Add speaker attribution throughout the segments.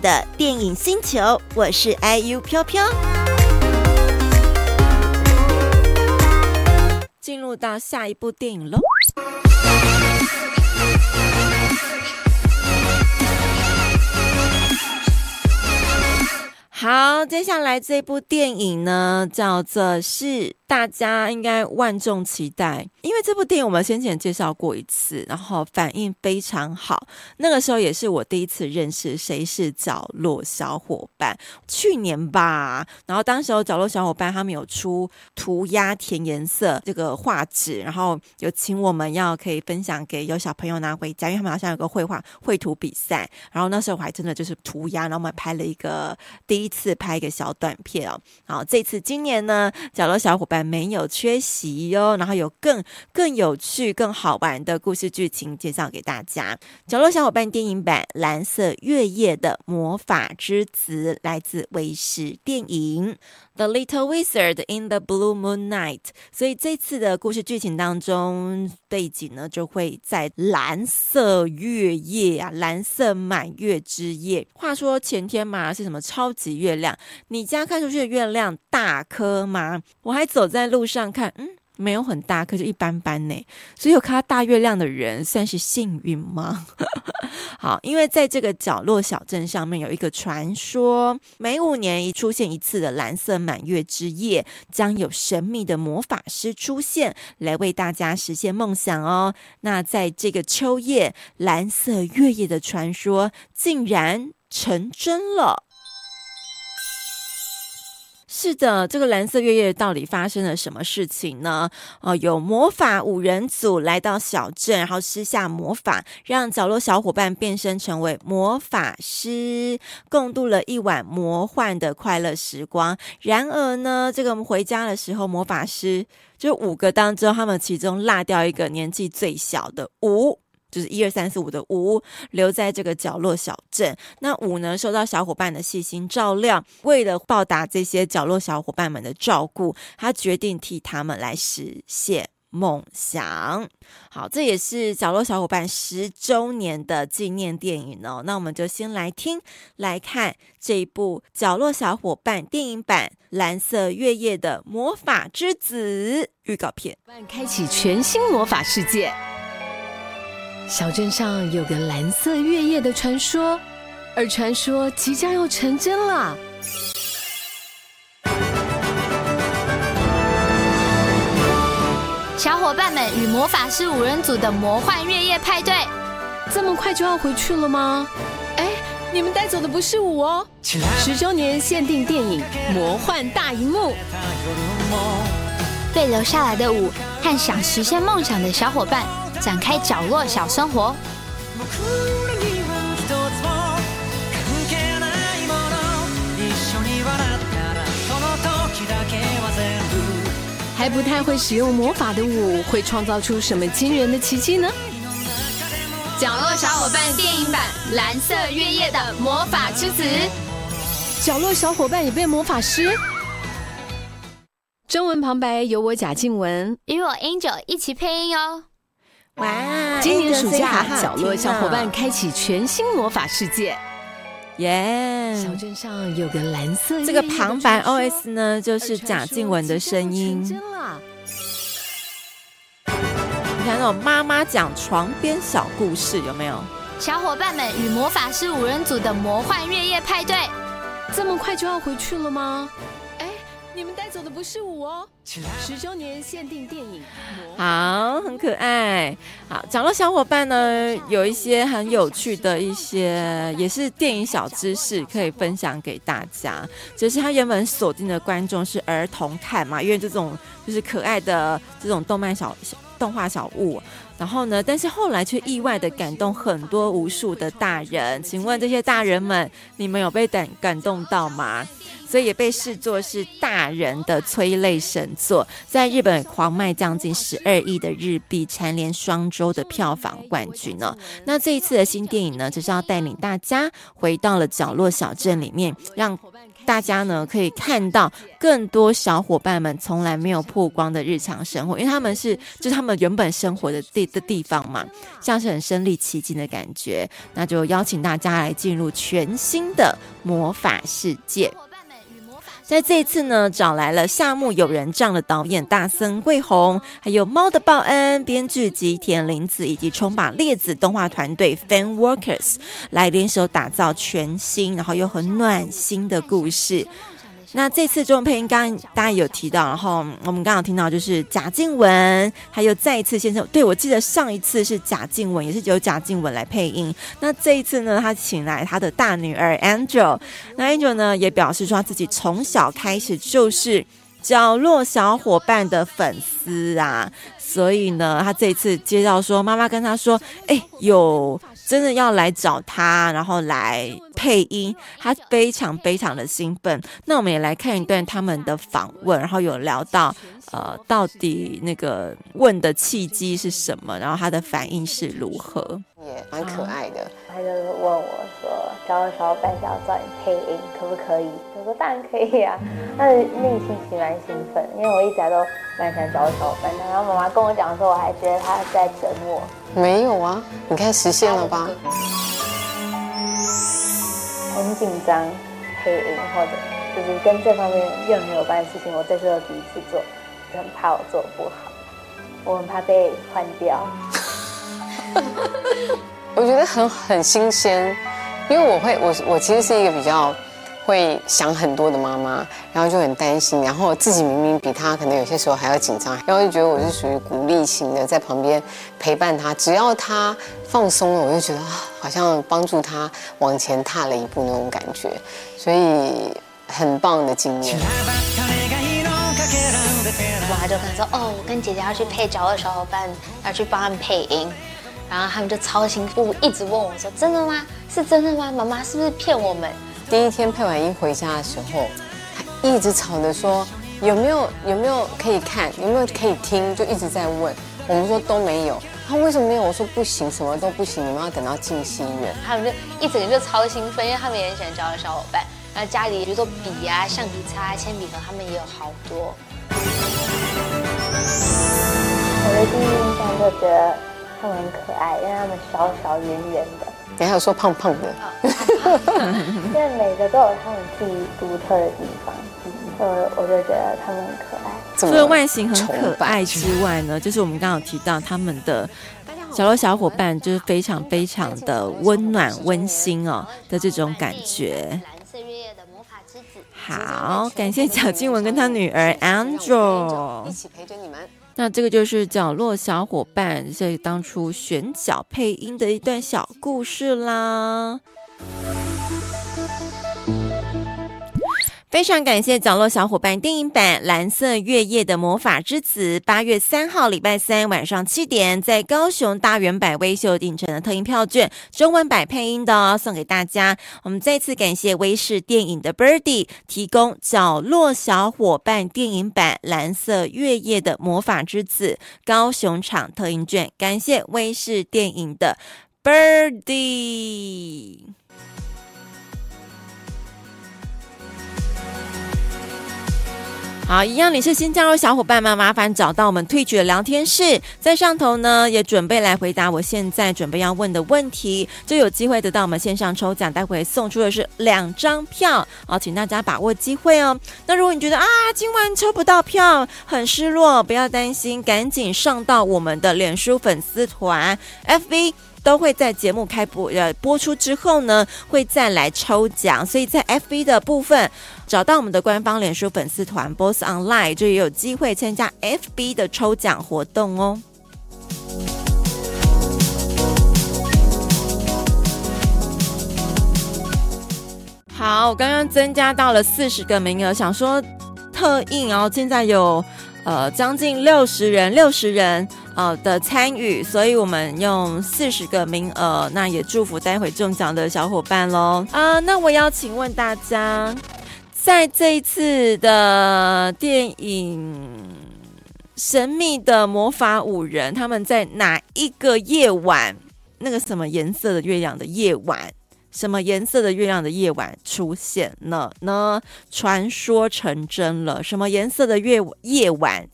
Speaker 1: 的電影星球，我是 IU 飄飄，進入到下一部電影嘍。好，接下來這部電影呢，叫做是。大家應該萬眾期待，因為這部電影我們先前介紹過一次，然後反應非常好。那個時候也是我第一次認識誰是角落小夥伴，去年吧。然後當時角落小夥伴他們有出塗鴉填顏色這個畫紙，然後有請我們要可以分享給有小朋友拿回家，因為他們好像有一個繪畫繪圖比賽。然後那時候我還真的就是塗鴉，然後我們拍了一個第一次拍一個小短片哦、喔。然後這次今年呢，角落小夥伴。沒有缺席喲、哦，然後有更更有趣、更好玩的故事劇情介紹給大家。角落小夥伴電影版《藍色月夜的魔法之子》，來自威視電影。The Little Wizard in the Blue Moon Night，所以這次的故事劇情當中背景呢，就會在藍色月夜啊，藍色滿月之夜。話說前天嘛，是什麼超級月亮？你家看出去的月亮大顆嗎？我還走在路上看，嗯。沒有很大，可是一般般呢。所以有看到大月亮的人算是幸運嗎？ 好，因為在這個角落小鎮上面有一個傳說，每五年一出現一次的藍色滿月之夜，將有神秘的魔法師出現，來為大家實現夢想哦。那在這個秋夜，藍色月夜的傳說竟然成真了。是的，這個藍色月夜到底發生了什麼事情呢？哦、呃，有魔法五人組來到小鎮，然後施下魔法，讓角落小夥伴變身成為魔法師，共度了一晚魔幻的快樂時光。然而呢，這個我們回家的時候，魔法師就五個當中，他們其中落掉一個年紀最小的五。就是一二三四五的五留在這個角落小鎮，那五呢，受到小夥伴的細心照料，為了報答這些角落小夥伴們的照顧，他決定替他們來實現夢想。好，這也是角落小夥伴十周年的紀念電影哦。那我們就先來聽來看這一部角落小夥伴電影版《藍色月夜的魔法之子》預告片，開啟全新魔法世界。小鎮上有個藍色月夜的傳說，而傳說即將要成真了。小夥伴們與魔法師五人組的魔幻月夜派對，這麼快就要回去了嗎？哎，你們帶走的不是五哦。十周年限定電影《魔幻大熒幕》，被留下來的舞，和想實現夢想的小夥伴。展開角落小生活，
Speaker 2: 還
Speaker 1: 不太會使用魔法的我會創造出什麼驚人的奇迹呢？角落小夥伴電影版《藍色月夜》的魔法之子，角落小夥伴也變魔法師。中文旁白由我賈靜雯與我 Angel 一起配音哦！」哇！今年暑假，角落小夥伴開啟全新魔法世界，耶！Yeah, 小鎮上有個藍色月夜的傳說。這個旁白 OS 呢，就是賈靜雯的聲音。你看那種媽媽講床邊小故事，有沒有？小夥伴們與魔法師五人組的魔幻月夜派對，這麼快就要回去了嗎？你們帶走的不是我哦，十周年限定電影，好，很可愛。好，講到小伙伴呢，有一些很有趣的一些，也是電影小知識可以分享給大家。其實他原本鎖定的觀眾是兒童看嘛，因為這種就是可愛的這種動漫小，小動畫小物。然後呢，但是後來卻意外的感動很多無數的大人。請問這些大人們，你們有被感感動到嗎？所以也被視作是大人的催淚神作，在日本狂賣將近十二億的日幣，蟬聯雙周的票房冠軍呢。那這一次的新電影呢，就是要帶領大家回到了角落小鎮裡面，讓。大家呢，可以看到更多小夥伴們從來沒有曝光的日常生活，因為他們是就是他們原本生活的地的地方嘛，像是很身臨其境的感覺。那就邀請大家來進入全新的魔法世界。在這一次呢，找來了《夏目友人帳》的導演大森貴弘，還有《貓的報恩》編劇吉田玲子，以及衝吧烈子動畫團隊 Fan Workers 來聯手打造全新，然後又很暖心的故事。那這次中文配音，剛剛大家有提到，然後我們剛剛有聽到就是賈靜雯，還有再一次先生。對我記得上一次是賈靜雯，也是由賈靜雯來配音。那這一次呢，他請來他的大女兒 Angel，那 Angel 呢也表示說，自己從小開始就是《角落小夥伴》的粉絲啊，所以呢，他這一次接到說，媽媽跟他說，誒，有。真的要來找他，然後來配音，他非常非常的興奮。那我們也來看一段他們的訪問，然後有聊到呃，到底那個問的契機是什麼，然後他的反應是如何，也蠻可愛的。他、啊、問我說，找的時候是要找你配音，可不可以？我說當然可以呀，啊。他的內心其實蠻興奮，因為我一直都。慢慢找一找，慢慢。然後媽媽跟我講的時候，我還覺得她在折磨。沒有啊，你看實現了吧？很緊張，配音或者就是跟這方面又沒有關係的事情，我這是第一次做，就很怕我做不好，我很怕被換掉。 我覺得很很新鮮，因為我會，我我其實是一個比較。會想很多的媽媽，然後就很擔心，然後自己明明比她可能有些時候還要緊張，然後就覺得我是屬於鼓勵型的，在旁邊陪伴她，只要她放鬆了，我就覺得好像幫助她往前踏了一步那種感覺，所以很棒的經驗。
Speaker 2: 後
Speaker 1: 就可能說，哦，我跟姐姐要去配角落小夥伴要去幫他們配音，然後他們就超興奮，一直問我說：“真的嗎？是真的嗎？媽媽是不是騙我們？”第一天配完音回家的時候，他一直吵着說有沒有有沒有可以看，有沒有可以聽，就一直在問。我們說都沒有，他為什麼沒有？我說不行，什麼都不行，你們要等到進戲院。他們就一整個就超興奮，因為，他們也很喜歡角落小夥伴。然後家裡比如說筆啊、橡皮擦啊、鉛筆盒，他們也有好多。我的第一印象就覺得，他們很可愛，因為他們小小圓圓的。你、欸、還有說胖胖的， 因
Speaker 2: 為每個都有他們自己獨特的地方。我我就
Speaker 1: 覺得他們很可愛。除了外形很可愛之外呢，就是我們剛剛有提到他們的角落小夥伴，就是非常非常的溫暖、溫馨哦的這種感覺。藍色月夜的魔法之子。好，感謝小金文跟他女兒 Angel 一起陪着你們。那這個就是角落小夥伴所以當初選角配音的一段小故事啦。非常感謝角落小夥伴電影版《藍色月夜的魔法之子》，八月三號禮拜三晚上七點，在高雄大遠百威秀影城的特映票券，中文版配音的、哦，送給大家。我們再次感謝威視電影的 Birdie 提供角落小夥伴電影版《藍色月夜的魔法之子》高雄場特映券，感謝威視電影的 Birdie 好，一樣你是新加入小夥伴嗎？麻煩找到我們 Twitch 的聊天室，在上頭呢，也準備來回答我現在準備要問的問題，就有機會得到我們線上抽獎，待會送出的是兩張票，好，請大家把握機會哦。那如果你覺得啊今晚抽不到票，很失落，不要擔心，趕緊上到我們的臉書粉絲團，FB 都會在節目開播呃播出之後呢，會再來抽獎，所以在 FB 的部分。找到我們的官方臉書粉絲團 Boss Online，就也有機會參加 FB 的抽獎活動哦。好，我剛剛增加到了四十個名額，想說特應哦。現在有呃將近六十人，六十人呃的參與，所以我們用四十個名額。那也祝福待會中獎的小夥伴嘍。啊、呃，那我要請問大家。在這一次的電影《神秘的魔法五人》，他們在哪一個夜晚？那個什麼顏色的月亮的夜晚？什麼顏色的月亮的夜晚出現了呢？傳說成真了，什麼顏色的月夜晚？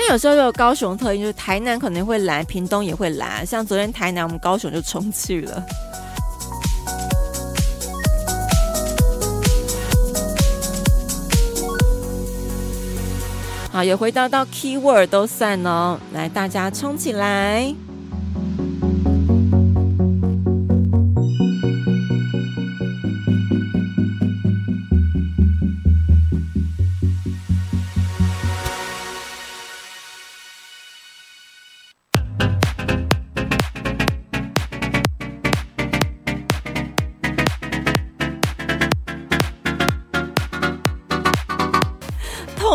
Speaker 1: 那有時候就有高雄特映，就是台南可能會來，屏東也會來。像昨天台南，我們高雄就衝去了。好，也回到到 Keyword 都散哦，來大家衝起來。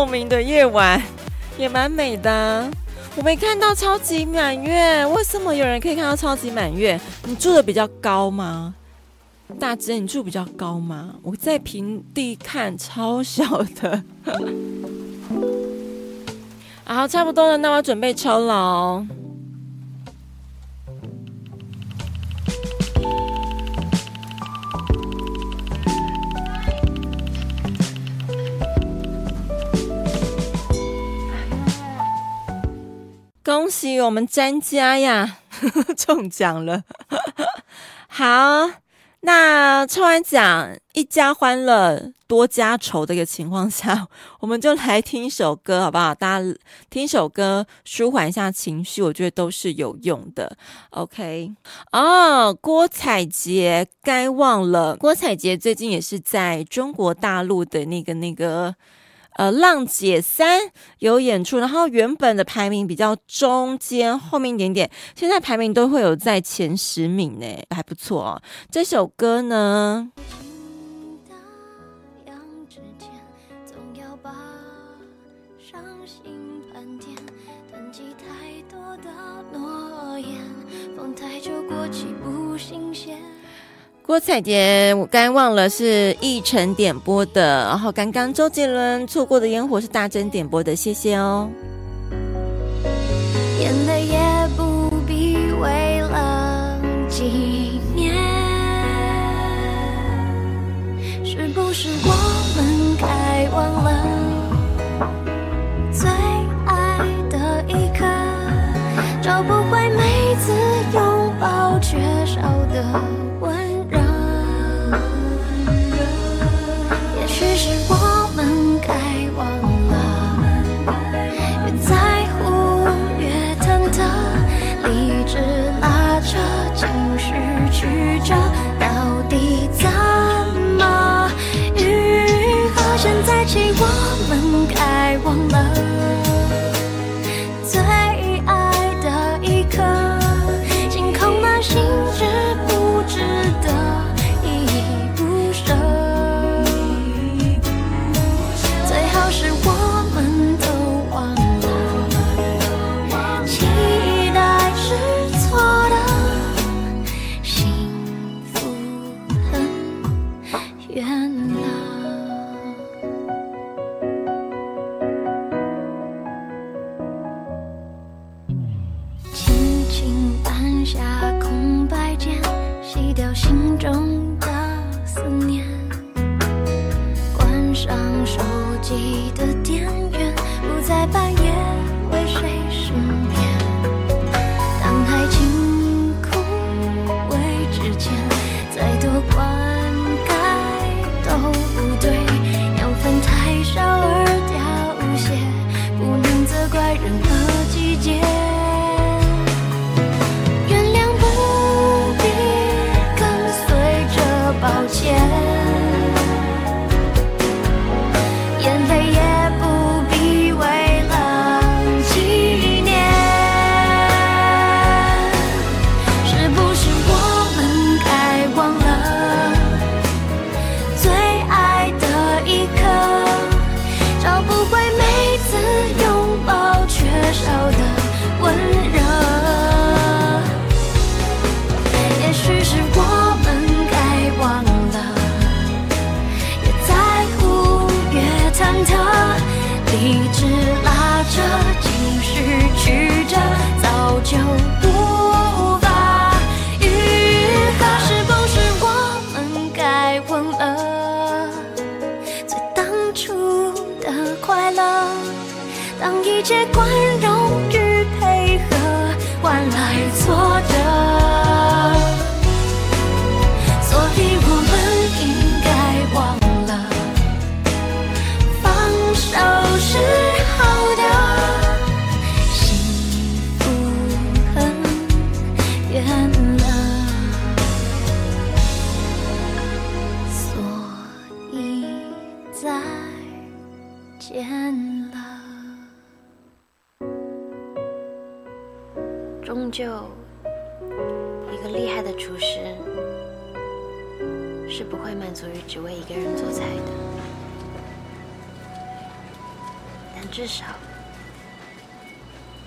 Speaker 1: 透明的夜晚也蠻美的，我沒看到超級滿月，為什麼有人可以看到超級滿月？你住的比較高嗎？大姐，你住比較高嗎？我在平地看超小的， 好，差不多了，那我要準備抽了哦。恭喜我們詹家呀， 中獎了！ 好，那抽完獎，一家歡樂，多家愁的一個情況下，我們就來聽一首歌，好不好？大家聽一首歌，舒緩一下情緒，我覺得都是有用的。OK，哦、oh，郭采潔，該忘了郭采潔，最近也是在中國大陸的那個那個。呃，《浪姐三》有演出，然後原本的排名比較中間，後面一點點，現在排名都會有在前十名欸，還不錯哦。這首歌呢？郭采潔，我該忘了是奕晨點播的。然後剛剛周杰倫《錯過的煙火》是大珍點播的，謝謝哦。眼淚也不必為了紀念，
Speaker 2: 是不是我們該忘了最愛的一刻？找不回每次擁抱缺少的。手機的電源，不再半夜為誰失眠。